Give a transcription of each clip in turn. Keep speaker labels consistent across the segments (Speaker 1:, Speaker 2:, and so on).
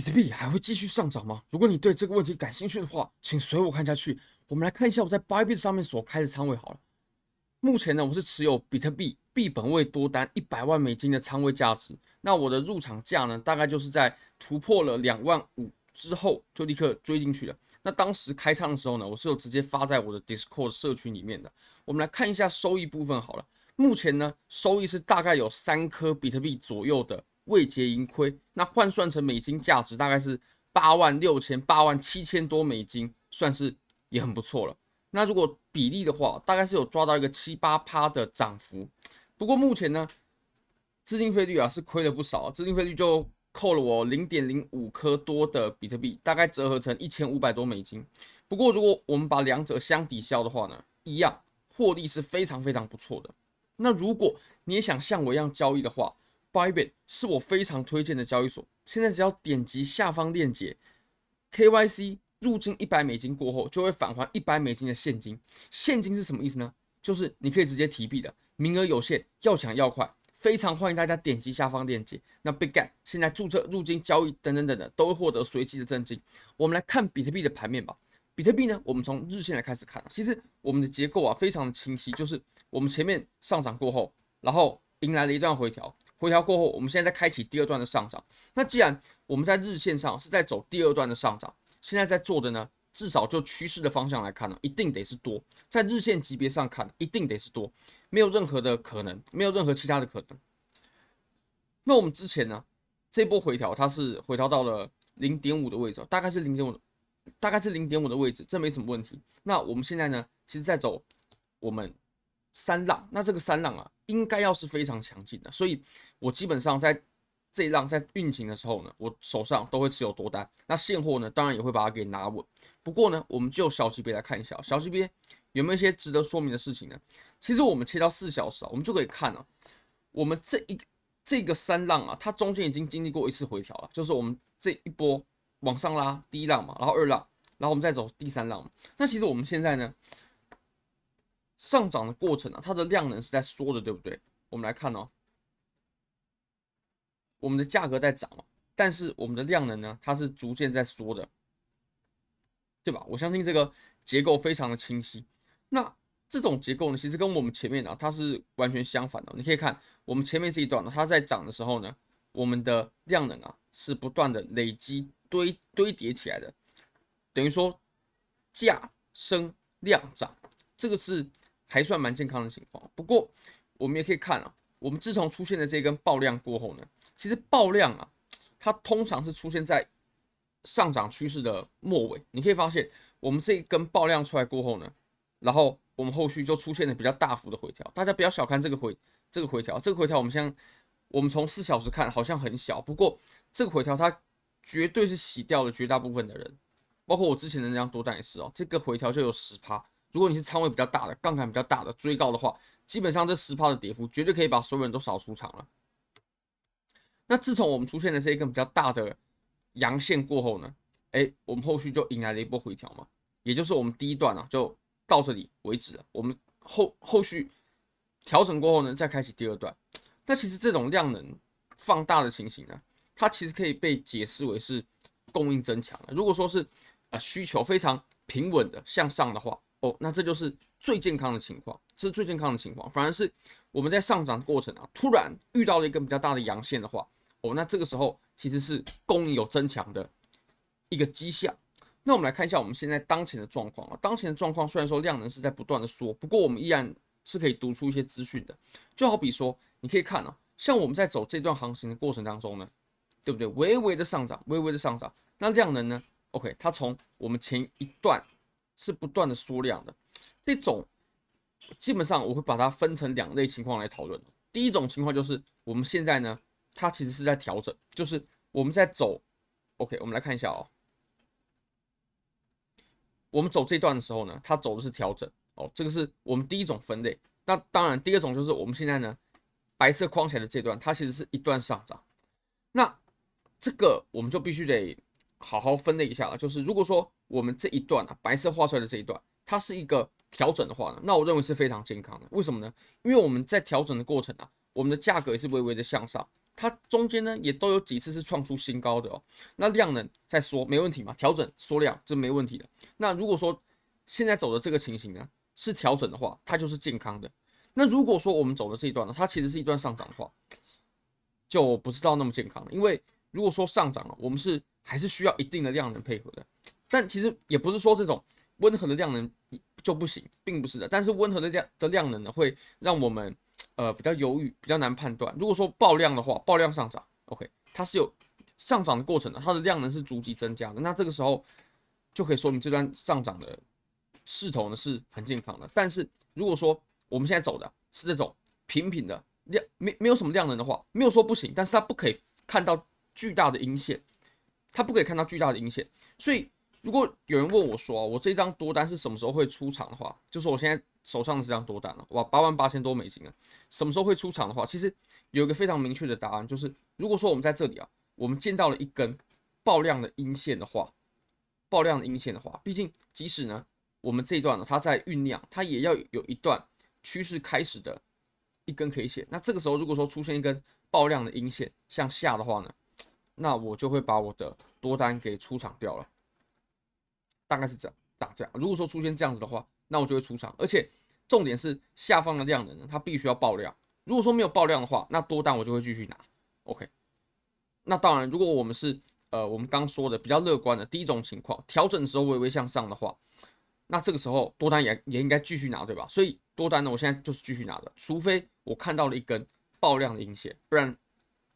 Speaker 1: 比特幣還會繼續上漲嗎？如果你對這個問題感興趣的話，請隨我看下去。我們來看一下我在 Bybit 上面所開的倉位好了。目前呢，我是持有比特幣幣本位多單一百萬美金的倉位價值。那我的入場價呢，大概就是在突破了兩萬五之後就立刻追進去了。那當時開倉的時候呢，我是有直接發在我的 Discord 社群裡面的。我們來看一下收益部分好了。目前呢，收益是大概有三顆比特幣左右的。未結盈虧，那換算成美金價值大概是八萬六千、八萬七千多美金，算是也很不錯了。那如果比例的話，大概是有抓到一個七八趴的漲幅。不過目前呢，資金費率啊是虧了不少，資金費率就扣了我零點零五顆多的比特幣，大概折合成一千五百多美金。不過如果我們把兩者相抵消的話呢，一樣獲利是非常非常不錯的。那如果你也想像我一樣交易的話，Bybit 是我非常推薦的交易所，現在只要點擊下方鏈接，KYC 入金一百美金過後，就會返還一百美金的現金。現金是什麼意思呢？就是你可以直接提幣的，名額有限，要搶要快，非常歡迎大家點擊下方鏈接。那 Bitget 現在註冊、入金、交易等等等等的，都會獲得隨機的贈金。我們來看比特幣的盤面吧。比特幣呢，我們從日線來開始看，其實我們的結構啊非常的清晰，就是我們前面上漲過後，然後迎來了一段回調。回調過後，我們現在在開啟第二段的上漲。那既然我們在日線上是在走第二段的上漲，現在在做的呢，至少就趨勢的方向來看呢，一定得是多。在日線級別上看，一定得是多，沒有任何的可能，沒有任何其他的可能。那我們之前呢，這波回調它是回調到了零點五的位置，大概是零點五，大概是零點五的位置，這沒什麼問題。那我們現在呢，其實，在走我們。三浪、那這個三浪啊，應該要是非常強勁的，所以我基本上在這一浪在運行的時候呢，我手上都會持有多單。那現貨呢，當然也會把它給拿穩。不過呢，我們就小級別來看一下，小級別有沒有一些值得說明的事情呢？其實我們切到四小時，我們就可以看了啊。我們這一這個三浪啊，它中間已經經歷過一次回調了，就是我們這一波往上拉第一浪嘛，然後二浪，然後我們再走第三浪。那其實我們現在呢，上漲的過程呢、啊，它的量能是在縮的，對不對？我們來看哦。我們的價格在漲，但是我們的量能呢，它是逐漸在縮的，對吧？我相信這個結構非常的清晰。那這種結構呢，其實跟我們前面啊，它是完全相反的。你可以看我們前面這一段呢，它在漲的時候呢，我們的量能啊是不斷的累積堆堆疊起來的，等於說價升量漲，這個是。還算蠻健康的情況，不過我們也可以看啊，我們自從出現了這根爆量過後呢，其實爆量啊，它通常是出現在上漲趨勢的末尾。你可以發現，我們這一根爆量出來過後呢，然後我們後續就出現了比較大幅的回調。大家不要小看這個回這個回調，這個回調、這個、我們像我們從四小時看好像很小，不過這個回調它絕對是洗掉了絕大部分的人，包括我之前的那張多單也是哦，這個回調就有十趴。如果你是倉位比較大的、槓桿比較大的追高的話，基本上這十趴的跌幅絕對可以把所有人都掃出場了。那自從我們出現的是一個比較大的陽線過後呢，哎、欸，我們後續就迎來了一波回調嘛，也就是我們第一段啊，就到這裡為止了。我們後後續調整過後呢，再開啟第二段。那其實這種量能放大的情形呢，它其實可以被解釋為是供應增強了。如果說是啊、呃、需求非常平穩的向上的話。哦，那這就是最健康的情況，這是最健康的情況。反而是我們在上漲的過程啊，突然遇到了一個比較大的陽線的話，哦，那這個時候其實是供應有增強的一個跡象。那我們來看一下我們現在當前的狀況啊，當前的狀況雖然說量能是在不斷的縮，不過我們依然是可以讀出一些資訊的。就好比說，你可以看哦、啊，像我們在走這段行情的過程當中呢，對不對？微微的上漲，微微的上漲，那量能呢？OK，它從我們前一段。是不斷的縮量的，這種基本上我會把它分成兩類情況來討論。第一種情況就是我們現在呢，它其實是在調整，就是我們在走。OK，我們來看一下哦。我們走這段的時候呢，它走的是調整，哦，這個是我們第一種分類。那當然，第二種就是我們現在呢，白色框起來的這段，它其實是一段上漲。那這個我們就必須得好好分類一下了，就是如果說。我們這一段啊，白色畫出來的這一段，它是一個調整的話呢，那我認為是非常健康的。為什麼呢？因為我們在調整的過程啊，我們的價格也是微微的向上，它中間呢也都有幾次是創出新高的哦。那量能再縮，沒問題嘛？調整縮量這沒問題的。那如果說現在走的這個情形呢，是調整的話，它就是健康的。那如果說我們走的這一段呢，它其實是一段上漲的話，就不知道那麼健康了。因為如果說上漲了，我們是還是需要一定的量能配合的。但其實也不是說這種溫和的量能就不行，並不是的。但是溫和的量的量能呢，會讓我們呃比較猶豫，比較難判斷。如果說爆量的話，爆量上漲，OK，它是有上漲的過程的，它的量能是逐級增加的。那這個時候就可以說明這段上漲的勢頭呢是很健康的。但是如果說我們現在走的是這種平平的量，沒沒有什麼量能的話，沒有說不行，但是它不可以看到巨大的陰線，它不可以看到巨大的陰線，所以。如果有人問我說啊，我這張多單是什麼時候會出場的話，就是我現在手上的這張多單了啊，哇，八萬八千多美金啊，什麼時候會出場的話，其實有一個非常明確的答案，就是如果說我們在這裡啊，我們見到了一根爆量的陰線的話，爆量的陰線的話，畢竟即使呢，我們這一段呢它在醞釀，它也要有一段趨勢開始的一根 K 線，那這個時候如果說出現一根爆量的陰線向下的話呢，那我就會把我的多單給出場掉了。大概是這樣，長這樣？如果說出現這樣子的話，那我就會出場。而且重點是下方的量能呢，它必須要爆量。如果說沒有爆量的話，那多單我就會繼續拿。OK。那當然，如果我們是呃我們剛說的比較樂觀的第一種情況，調整的時候微微向上的話，那這個時候多單也也應該繼續拿，對吧？所以多單呢，我現在就是繼續拿的，除非我看到了一根爆量的陰線，不然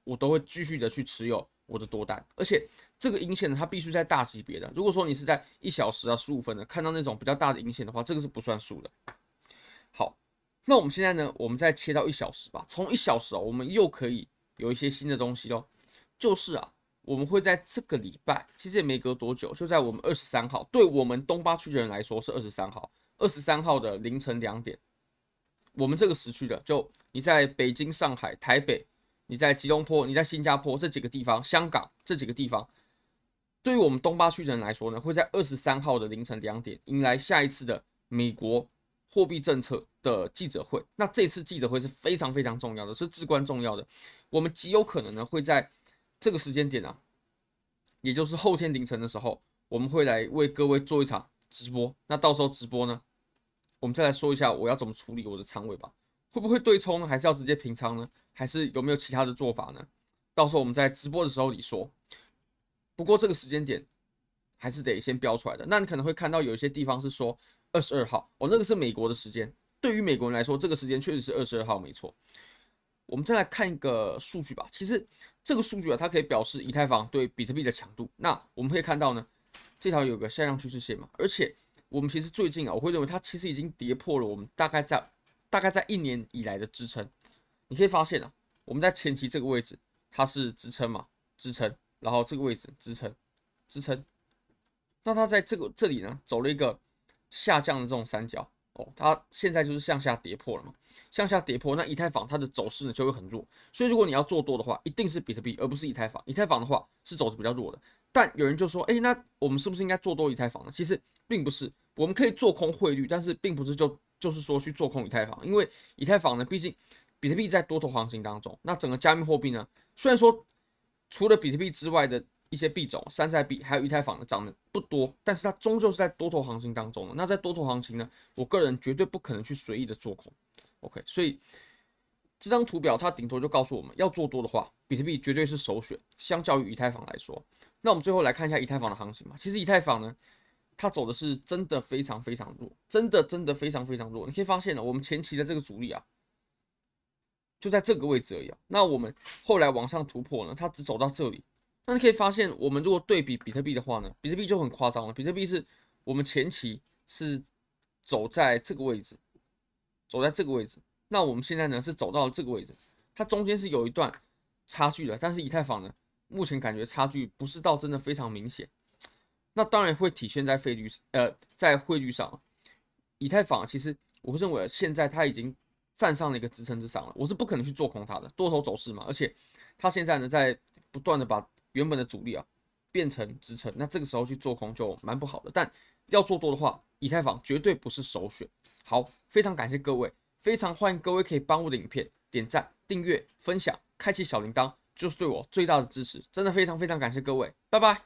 Speaker 1: 我都會繼續的去持有我的多單，而且這個陰線呢，它必須在大級別的。如果說你是在一小時啊、十五分的看到那種比較大的陰線的話，這個是不算數的。好，那我們現在呢，我們再切到一小時吧。從一小時啊、哦，我們又可以有一些新的東西哦。就是啊，我們會在這個禮拜，其實也沒隔多久，就在我們二十三號，對我們東八區的人來說是二十三號，二十三號的凌晨兩點，我們這個時區的，就你在北京、上海、台北。你在吉隆坡，你在新加坡這幾個地方，香港這幾個地方，對於我們東八區的人來說呢，會在二十三號的凌晨兩點迎來下一次的美國貨幣政策的記者會。那這次記者會是非常非常重要的，是至關重要的。我們極有可能呢會在這個時間點啊，也就是後天凌晨的時候，我們會來為各位做一場直播。那到時候直播呢，我們再來說一下我要怎麼處理我的倉位吧。會不會對沖呢？還是要直接平倉呢？還是有沒有其他的做法呢？到時候我們在直播的時候裡說。不過這個時間點還是得先標出來的。那你可能會看到有一些地方是說二十二號，哦，那個是美國的時間。對於美國人來說，這個時間確實是二十二號，沒錯。我們再來看一個數據吧。其實這個數據啊，它可以表示以太坊對比特幣的強度。那我們可以看到呢，這條有個下降趨勢線嘛。而且我們其實最近啊，我會認為它其實已經跌破了我們大概在。大概在一年以來的支撐，你可以發現啊，我們在前期這個位置它是支撐嘛，支撐，然後這個位置支撐，支撐，那它在這個這裡呢走了一個下降的這種三角哦，它現在就是向下跌破了嘛，向下跌破，那以太坊它的走勢呢就會很弱，所以如果你要做多的話，一定是比特幣而不是以太坊，以太坊的話是走得比較弱的。但有人就說，誒，那我們是不是應該做多以太坊呢？其實並不是，我們可以做空匯率，但是並不是就。就是說去做空以太坊，因為以太坊呢，畢竟比特幣在多頭行情當中，那整個加密貨幣呢，雖然說除了比特幣之外的一些幣種，山寨幣還有以太坊的漲得不多，但是它終究是在多頭行情當中。那在多頭行情呢，我個人絕對不可能去隨意的做空。OK，所以這張圖表它頂多就告訴我們要做多的話，比特幣絕對是首選，相較於以太坊來說。那我們最後來看一下以太坊的行情吧。其實以太坊呢。它走的是真的非常非常弱，真的真的非常非常弱。你可以發現呢，我們前期的這個阻力啊，就在這個位置而已啊。那我們後來往上突破呢，它只走到這裡。那你可以發現，我們如果對比比特幣的話呢，比特幣就很誇張了。比特幣是我們前期是走在這個位置，走在這個位置。那我們現在呢是走到了這個位置，它中間是有一段差距的。但是以太坊呢，目前感覺差距不是到真的非常明顯。那當然會體現在費率呃，在匯率上、啊，以太坊其實，我認為現在它已經站上了一個支撐之上了，我是不可能去做空它的多頭走勢嘛，而且它現在呢在不斷的把原本的阻力啊變成支撐，那這個時候去做空就蠻不好的，但要做多的話，以太坊絕對不是首選。好，非常感謝各位，非常歡迎各位可以幫我的影片點讚、訂閱、分享、開啟小鈴鐺，就是對我最大的支持，真的非常非常感謝各位，拜拜。